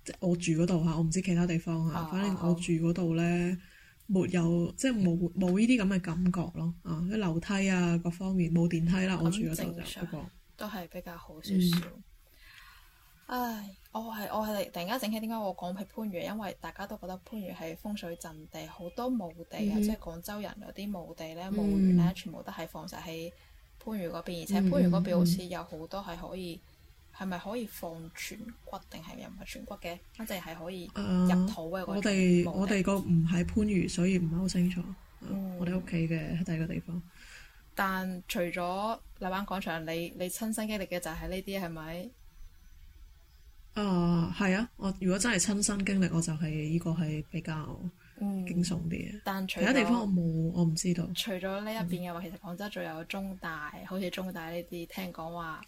即係我住嗰度嚇，我唔知其他地方嚇。哦、反正我住嗰度咧，沒有即係冇冇呢啲咁嘅感覺咯。啊，啲樓梯啊各方面冇電梯啦，嗯、我住嗰度就不過都係比較好少少。嗯、唉。我係我係突然間醒起點解我講起番禺，因為大家都覺得番禺係風水鎮地，好多墓地啊，like, like, mm hmm. 即係廣州人嗰啲墓地咧、墓園咧，全部都係放晒喺番禺嗰邊。而且番禺嗰邊好似有好多係可以係咪、mm hmm. 可以放全骨定係又唔係全骨嘅，一定係可以入土嘅。我哋我哋個唔喺番禺，所以唔係好清楚、嗯、我哋屋企嘅喺第二個地方。但除咗荔灣廣場，你你親身經歷嘅就係呢啲係咪？是啊，係、uh, 啊！我如果真係親身經歷，我就係呢個係比較驚悚啲嘅、嗯。但除其他地方我冇，我唔知道。除咗呢一邊嘅話，嗯、其實廣州仲有中大，好似中大呢啲聽講話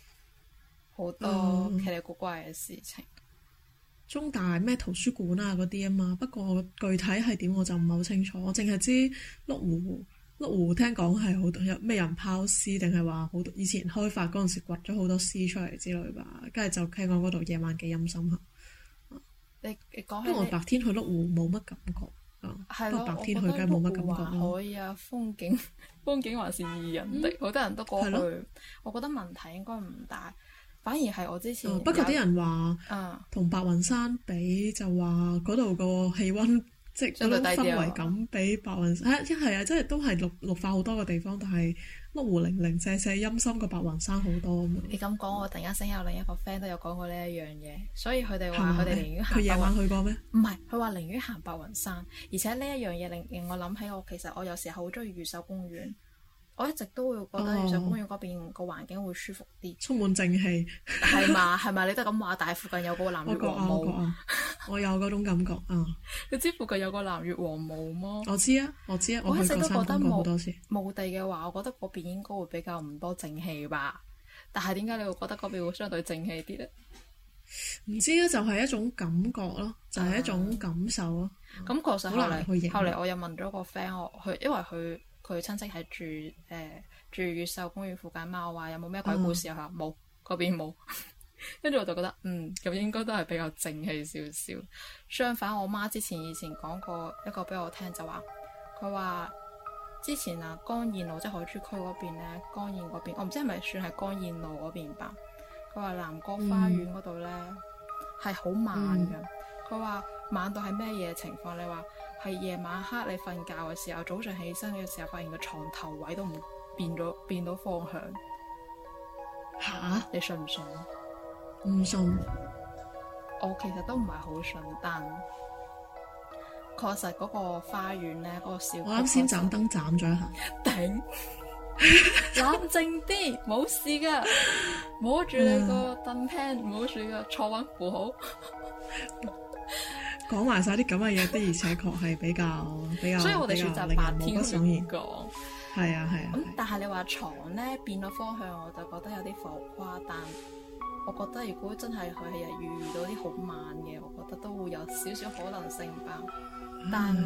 好多奇離古怪嘅事情。Uh, 中大咩圖書館啊嗰啲啊嘛，不過具體係點我就唔係好清楚，我淨係知麓湖，湖。麓湖聽講係好多有咩人拋屍，定係話好多以前開發嗰陣時掘咗好多屍出嚟之類吧？跟住就聽講嗰度夜晚幾陰森吓。你你講，不過我白天去麓湖冇乜感覺。係咯，不過白天去梗係冇乜感覺咯。覺可以啊，風景風景還是宜人的，好 多人都過去。我覺得問題應該唔大，反而係我之前不過啲人話，同、嗯、白雲山比就話嗰度個氣溫。即係嗰種氛圍感比白雲山，係即係啊，即係都係綠綠化好多嘅地方，但係碌碌零零謝謝陰森過白雲山好多。你咁講，我突然間醒起，我另一個 friend 都有講過呢一樣嘢，所以佢哋話佢哋寧願行夜晚去過咩？唔係，佢話寧願行白雲山，山，而且呢一樣嘢令令我諗起我其實我有時候好中意越秀公園。嗯我一直都會覺得越秀公園嗰邊個環境會舒服啲，充滿正氣。係 嘛？係咪你都係咁話？大附近有個南越王墓，我，啊、我有嗰種感覺。嗯，你知附近有個南越王墓嗎？我知啊，我知啊，我去國山公園好多次。我一直都覺得墓地嘅話，我覺得嗰邊應該會比較唔多正氣吧。但係點解你會覺得嗰邊會相對正氣啲咧？唔 知啊，就係、是、一種感覺咯，就係、是、一種感受咯。咁、嗯嗯、確實係嚟。後嚟我又問咗個 friend，我佢因為佢。佢親戚喺住誒、呃、住越秀公園附近嘛，我話有冇咩鬼故事？佢話冇，嗰邊冇。跟 住我就覺得嗯，咁應該都係比較正氣少少。相反，我媽之前以前講過一個俾我聽，就話佢話之前啊江燕路即係海珠區嗰邊咧，江燕嗰邊，我唔知係咪算係江燕路嗰邊吧。佢話南國花園嗰度咧係好猛嘅。佢話猛到係咩嘢情況？你話？係夜晚黑你瞓覺嘅時候，早上起身嘅時候，發現個床頭位都唔變咗，變到方向。吓？你信唔信？唔信。我其實都唔係好信，但確實嗰個花園咧，嗰、嗰個小燈我啱先斬燈斬咗一下。頂 ！冷靜啲，冇事噶，摸住你個燈 pin，冇事噶，坐穩坐好。講埋晒啲咁嘅嘢，的而且確係比較比較，所以我哋選擇白天講。係啊係啊。咁但係你話床咧變咗方向，我就覺得有啲浮誇。但我覺得如果真係佢喺日遇到啲好慢嘅，我覺得都會有少少可能性吧。但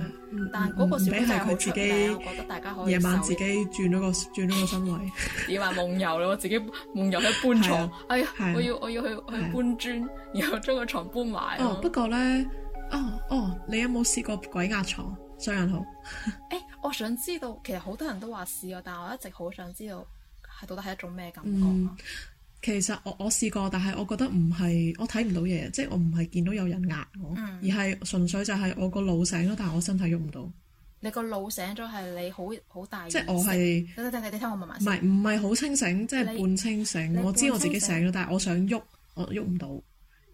但嗰個唔係佢自己，夜晚自己轉咗個轉咗個身位。你話夢遊咯，我自己夢遊去搬床。哎呀，我要我要去去搬磚，然後將個床搬埋。哦，不過咧。哦，哦，oh, oh, 你有冇試過鬼壓床？早上好，誒 、欸，我想知道，其實好多人都話試過，但係我一直好想知道係到底係一種咩感覺，嗯。其實我我試過，但係我覺得唔係，我睇唔到嘢，即係我唔係見到有人壓我，嗯，而係純粹就係我個腦醒咗，但係我身體喐唔到。你個腦醒咗係你好好大，即係我係。等等等等，你聽我問埋。唔係唔係好清醒，即係半清醒。我知我自己醒咗，但係我想喐，我喐唔到。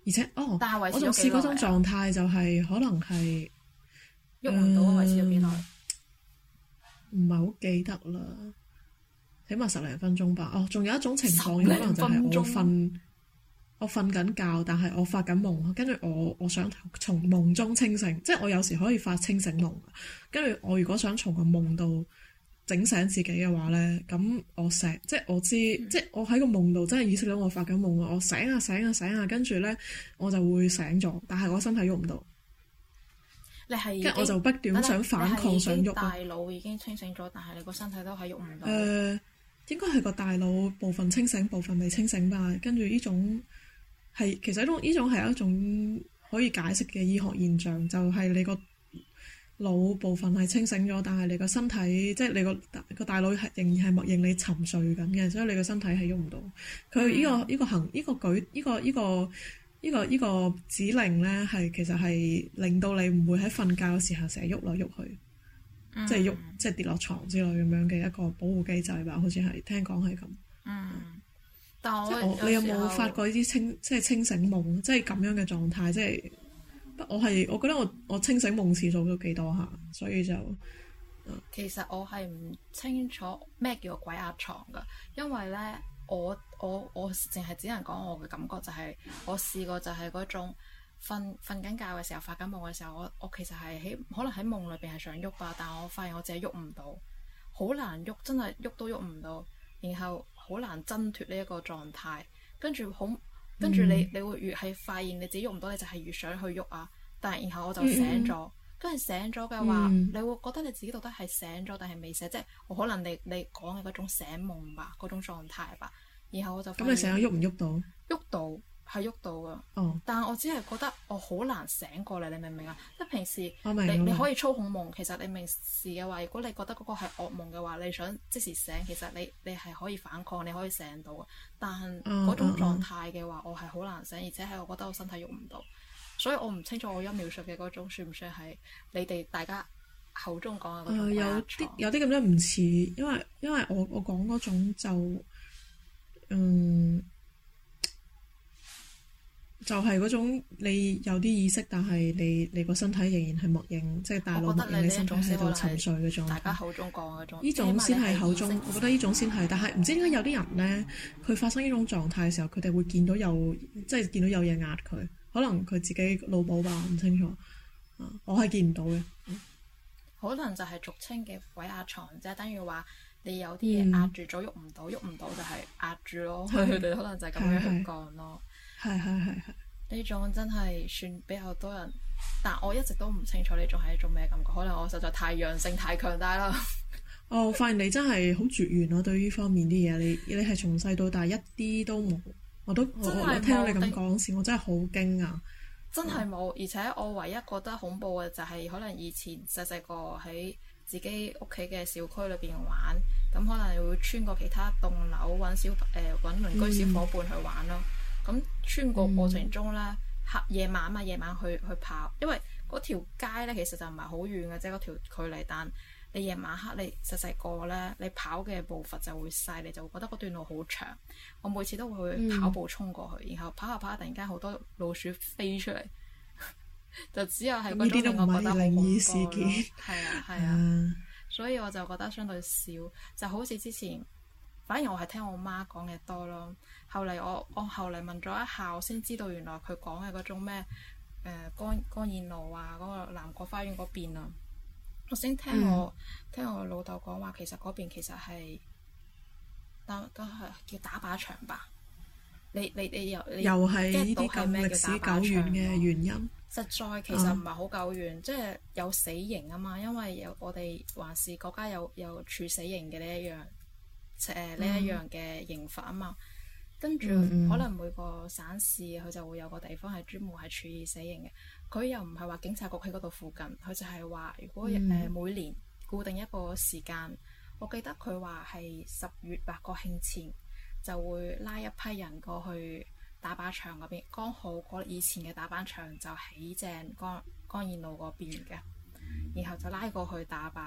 而且，哦，我仲試過嗰種狀態就係可能係喐唔到啊！維持到幾耐？唔係好記得啦，起碼十零分鐘吧。哦，仲有一種情況，可能就係我瞓我瞓緊覺，但係我發緊夢，跟住我我想從夢中清醒，即係我有時可以發清醒夢。跟住我如果想從個夢到，整醒自己嘅話咧，咁我醒，即係我知，嗯、即係我喺個夢度真係意識到我發緊夢啊！我醒啊醒啊醒啊，跟住咧我就會醒咗，但係我身體喐唔到。你係跟住我就不斷想反抗，想喐啊！大腦已經清醒咗，但係你個身體都喺喐唔到。誒、呃，應該係個大腦部分清醒，部分未清醒吧？跟住呢種係其實呢種呢種係一種可以解釋嘅醫學現象，就係、是、你個。腦部分係清醒咗，但係你個身體，即係你個個大腦係仍然係默認你沉睡緊嘅，所以你個身體係喐唔到。佢呢、這個呢、嗯、個行呢、這個舉呢、這個呢、這個呢、這個呢、這個這個指令咧，係其實係令到你唔會喺瞓覺嘅時候成日喐來喐去，即係喐、嗯、即係跌落床之類咁樣嘅一個保護機制吧？好似係聽講係咁。嗯，但有你有冇發過呢啲清即係清醒夢，即係咁樣嘅狀態，即係。即我係我覺得我我清醒夢次數都幾多下，所以就，嗯，其實我係唔清楚咩叫鬼壓床㗎，因為咧我我我淨係只能講我嘅感覺就係、是、我試過就係嗰種瞓瞓緊覺嘅時候發緊夢嘅時候，我我其實係喺可能喺夢裏邊係想喐吧，但我發現我自己喐唔到，好難喐，真係喐都喐唔到，然後好難掙脫呢一個狀態，跟住好。跟住你，你會越係發現你自己喐唔到，你就係越想去喐啊。但然後我就醒咗，跟住、嗯嗯、醒咗嘅話，你會覺得你自己到底係醒咗，定係未醒，即係我可能你你講嘅嗰種醒夢吧，嗰種狀態吧。然後我就咁你醒咗，喐唔喐到？喐到。係喐到㗎，oh. 但係我只係覺得我好難醒過嚟，你明唔明啊？即係平時你、oh, 你，你可以操控夢，其實你明事嘅話，如果你覺得嗰個係噩夢嘅話，你想即時醒，其實你你係可以反抗，你可以醒到嘅。但係嗰種狀態嘅話，我係好難醒，oh, uh, uh, uh. 而且係我覺得我身體喐唔到，所以我唔清楚我一描述嘅嗰種算唔算係你哋大家口中講嘅嗰種、uh, 有？有啲有啲咁樣唔似，因為因為我我講嗰種就嗯。就係嗰種你有啲意識，但係你你個身體仍然係默認，即係大腦默認你身體喺度沉睡嘅狀態。大家口中講嗰種，依種先係口中。我覺得呢種先係，但係唔知點解有啲人咧，佢發生呢種狀態嘅時候，佢哋會見到有即係見到有嘢壓佢，可能佢自己腦補吧，唔清楚。啊，我係見唔到嘅。可能就係俗稱嘅鬼壓床即係，等於話你有啲嘢壓住咗，喐唔到，喐唔到就係壓住咯。佢哋可能就係咁樣去講咯。嗯 係係係，呢種真係算比較多人，但我一直都唔清楚呢種係一種咩感覺。可能我實在太陽性太強大啦。哦，我發現你真係好絕緣咯，啊，對呢方面啲嘢，你你係從細到大一啲都冇。我都我我聽到你咁講時，我真係好驚啊！真係冇，而且我唯一覺得恐怖嘅就係可能以前細細個喺自己屋企嘅小區裏邊玩，咁可能會穿過其他棟樓搵小誒搵鄰居小伙伴去玩咯。嗯咁穿過過程中咧、嗯，黑夜晚嘛，夜晚去去跑，因為嗰條街咧其實就唔係好遠嘅啫，嗰條距離。但你夜晚黑你細細個咧，你跑嘅步伐就會細，你就會覺得嗰段路好長。我每次都會去跑步衝過去，嗯、然後跑下跑下，突然間好多老鼠飛出嚟，就只有係嗰啲，唔係靈異事件，係啊係啊，uh, 所以我就覺得相對少，就好似之前，反而我係聽我媽講嘅多咯。後嚟我我後嚟問咗一下，我先知道原來佢講嘅嗰種咩誒、呃、江江燕路啊，嗰、嗰個南國花園嗰邊啊。我先聽我、嗯、聽我老豆講話，其實嗰邊其實係都都係叫打靶場吧。你你你，你，你，你又又係呢啲咁歷史久遠嘅原因？實在其實唔係好久遠，即係、嗯、有死刑啊嘛，因為有我哋還是國家有有處死刑嘅呢一,一樣誒呢一樣嘅刑法啊嘛。跟住、mm hmm. 可能每個省市佢就會有個地方係專門係處以死刑嘅。佢又唔係話警察局喺嗰度附近，佢就係話如果誒每年固定一個時間，mm hmm. 我記得佢話係十月八國慶前就會拉一批人過去打靶場嗰邊。剛好嗰以前嘅打靶場就喺正江江燕路嗰邊嘅，然後就拉過去打靶。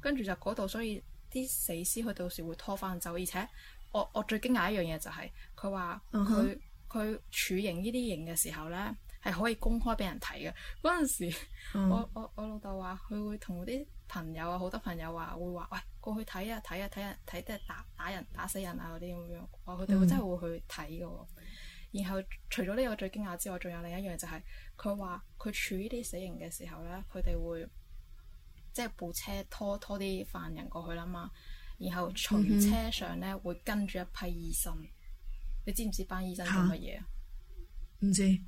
跟住就嗰度，所以啲死屍佢到時會拖翻走，而且。我我最驚訝一樣嘢就係佢話佢佢處刑呢啲刑嘅時候咧，係可以公開俾人睇嘅。嗰陣時，uh huh. 我我我老豆話佢會同啲朋友啊，好多朋友話會話喂過去睇啊睇啊睇人睇啲打打人打死人啊嗰啲咁樣，話佢哋會真係會去睇嘅。Uh huh. 然後除咗呢個最驚訝之外，仲有另一樣就係佢話佢處呢啲死刑嘅時候咧，佢哋會即係部車拖拖啲犯人過去啦嘛。然後隨車上咧會跟住一批醫生，你知唔知班醫生做乜嘢啊？唔知。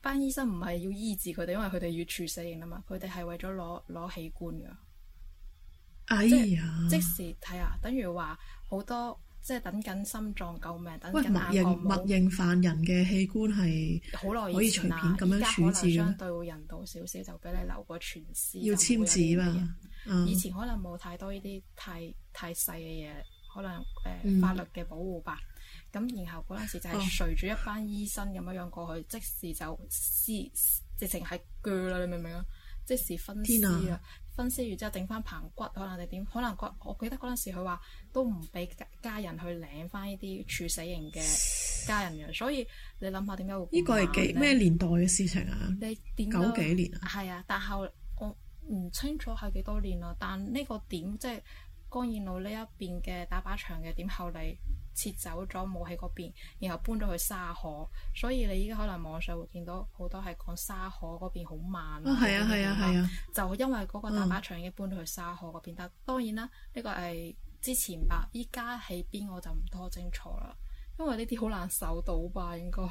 班醫生唔係要醫治佢哋，因為佢哋要處死人啊嘛，佢哋係為咗攞攞器官噶。哎呀！即，即時睇啊，等於話好多即係等緊心臟救命，等緊。默認默認犯人嘅器官係可以隨便咁樣處置嘅。相對會人道少少，就俾你留個全屍。要簽字嘛？以前可能冇太多呢啲太太細嘅嘢，可能誒、呃、法律嘅保護吧。咁、嗯、然後嗰陣時就係隨住一班醫生咁樣樣過去，哦、即時就屍直情係鋸啦，你明唔明啊？即時分屍啊，分屍完之後整翻棚骨，可能你點？可能我記得嗰陣時佢話都唔俾家人去領翻呢啲處死刑嘅家人嘅，所以你諗下點解會呢？呢個係幾咩年代嘅事情啊？你點九幾年啊？係啊，但後。唔清楚係幾多年啦，但呢個點即係江燕路呢一邊嘅打靶場嘅點，後嚟撤走咗，冇喺嗰邊，然後搬咗去沙河，所以你依家可能網上會見到好多係講沙河嗰邊好慢、哦、啊，係啊係啊係啊，啊啊就因為嗰個打靶場已經搬咗去沙河嗰邊。嗯、但當然啦，呢、呢個係之前吧，依家喺邊我就唔多清楚啦，因為呢啲好難搜到吧，應該。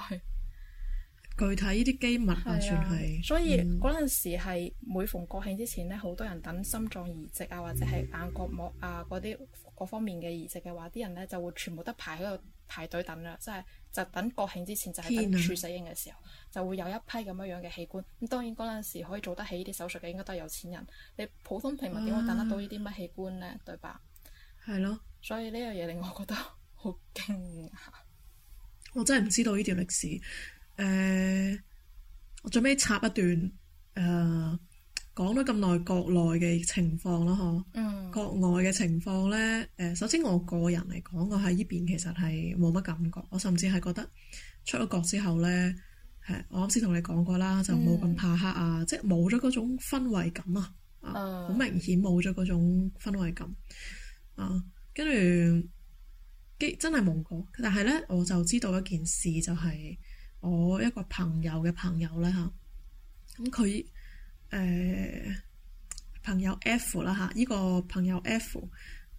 具體呢啲機密啊，全係所以嗰陣、嗯、時係每逢國慶之前咧，好多人等心臟移植啊，或者係眼角膜、嗯、啊嗰啲各方面嘅移植嘅話，啲人咧就會全部都排喺度排隊等啦，即係就等國慶之前就係、是、等處死刑嘅時候，啊、就會有一批咁樣樣嘅器官。咁當然嗰陣時可以做得起呢啲手術嘅，應該都係有錢人。你普通平民點會等得到呢啲乜器官咧？啊、對吧？係咯，所以呢樣嘢令我覺得好驚訝。我真係唔知道呢條歷史。誒、呃，我最尾插一段誒，講咗咁耐國內嘅情況啦，嗬。嗯。國外嘅情況咧，誒、呃，首先我個人嚟講，我喺呢邊其實係冇乜感覺。我甚至係覺得出咗國之後咧，係我啱先同你講過啦，就冇咁怕黑啊，嗯、即係冇咗嗰種氛圍感、嗯、啊圍感，啊，好明顯冇咗嗰種氛圍感啊。跟住，真係冇過。但係咧，我就知道一件事、就是，就係。我一個朋友嘅朋友咧吓，咁佢誒朋友 F 啦吓，呢個朋友 F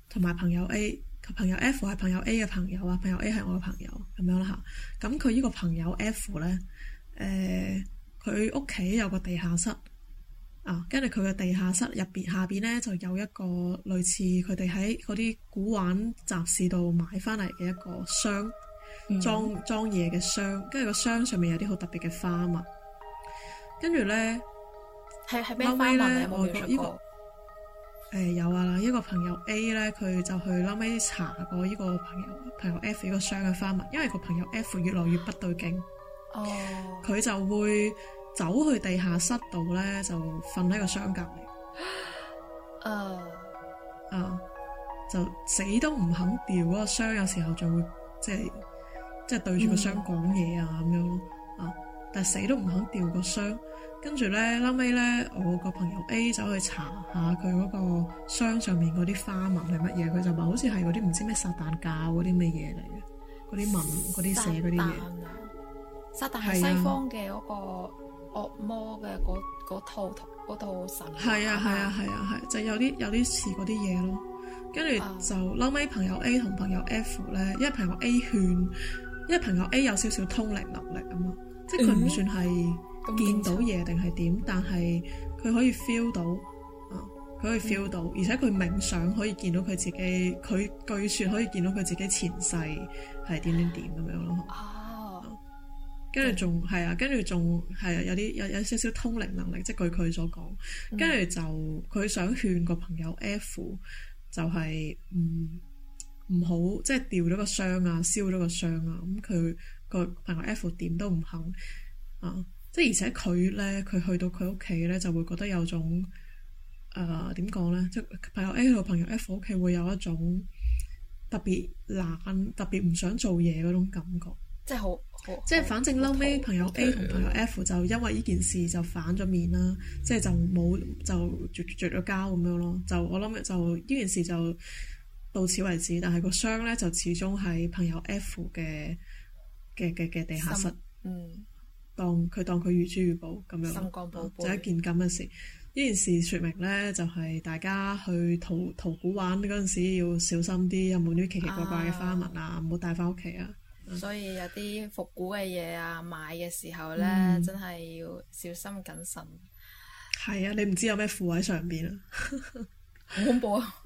同埋朋友 A，朋友 F 係朋友 A 嘅朋友啊，朋友 A 係我嘅朋友咁樣啦吓。咁佢呢個朋友 F 咧，誒佢屋企有個地下室啊，跟住佢嘅地下室入邊下邊咧就有一個類似佢哋喺嗰啲古玩集市度買翻嚟嘅一個箱。裝裝嘢嘅箱，跟住個箱上面有啲好特別嘅花紋，跟住咧係係咩花紋啊？呢我依、這個誒有啊啦，依、呃、個朋友 A 咧佢就去撈尾查過呢個朋友朋友 F 呢個箱嘅花紋，因為個朋友 F 越來越不對勁，哦、嗯，佢就會走去地下室度咧就瞓喺個箱隔籬，誒誒、嗯啊，就死都唔肯掉嗰、那個箱有時候就會即係。即係對住個箱講嘢啊咁、嗯、樣咯，啊！但係死都唔肯掉個箱，跟住咧，嬲尾咧，我個朋友 A 走去查下佢嗰個箱上面嗰啲花紋係乜嘢，佢就話好似係嗰啲唔知咩撒旦教嗰啲咩嘢嚟嘅，嗰啲紋嗰啲寫嗰啲嘢。撒旦係西方嘅嗰個惡魔嘅嗰嗰套嗰套神係啊係啊係啊係，啊啊啊啊啊啊啊就有啲有啲似嗰啲嘢咯。跟住就嬲尾、啊、朋友 A 同朋友 F 咧，因為朋友 A 勸。因為朋友 A 有少少通靈能力啊嘛，嗯、即係佢唔算係見到嘢定係點，但係佢可以 feel 到，嗯、啊，佢可以 feel 到，而且佢冥想可以見到佢自己，佢據説可以見到佢自己前世係點點點咁樣咯。跟住仲係啊，跟住仲係啊，有啲有有少少通靈能力，即係據佢所講，跟住、嗯、就佢想勸個朋友 F 就係、是、嗯。唔好即係掉咗個箱啊，燒咗個箱啊！咁佢個朋友 F 點都唔肯啊！即係而且佢咧，佢去到佢屋企咧，就會覺得有種誒點講咧，即係朋友 A 同朋友 F 屋企會有一種特別懶、特別唔想做嘢嗰種感覺，即係好即係反正嬲尾，朋友 A 同朋友 F 就因為呢件事就反咗面啦，即係就冇就絕絕咗交咁樣咯。就，就我諗就呢件事就。到此為止，但係個箱咧就始終喺朋友 F 嘅嘅嘅嘅地下室，嗯、當佢當佢如珠如寶咁樣，心肝寶寶就一件咁嘅事。呢件事説明咧，就係大家去淘淘古玩嗰陣時要小心啲，有冇啲奇奇怪怪嘅花紋啊？唔好帶翻屋企啊！所以有啲復古嘅嘢啊，買嘅時候咧，嗯、真係要小心謹慎。係啊，你唔知有咩腐喺上邊啊！好 恐怖啊！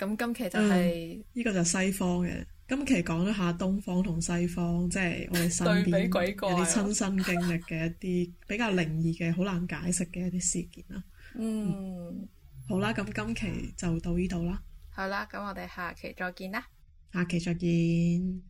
咁今期就係呢個就係西方嘅，今期講咗下東方同西方，即係我哋身邊有啲親身經歷嘅 一啲比較靈異嘅，好難解釋嘅一啲事件啦。嗯、嗯，好啦，咁今期就到呢度啦。好啦，咁我哋下期再見啦。下期再見。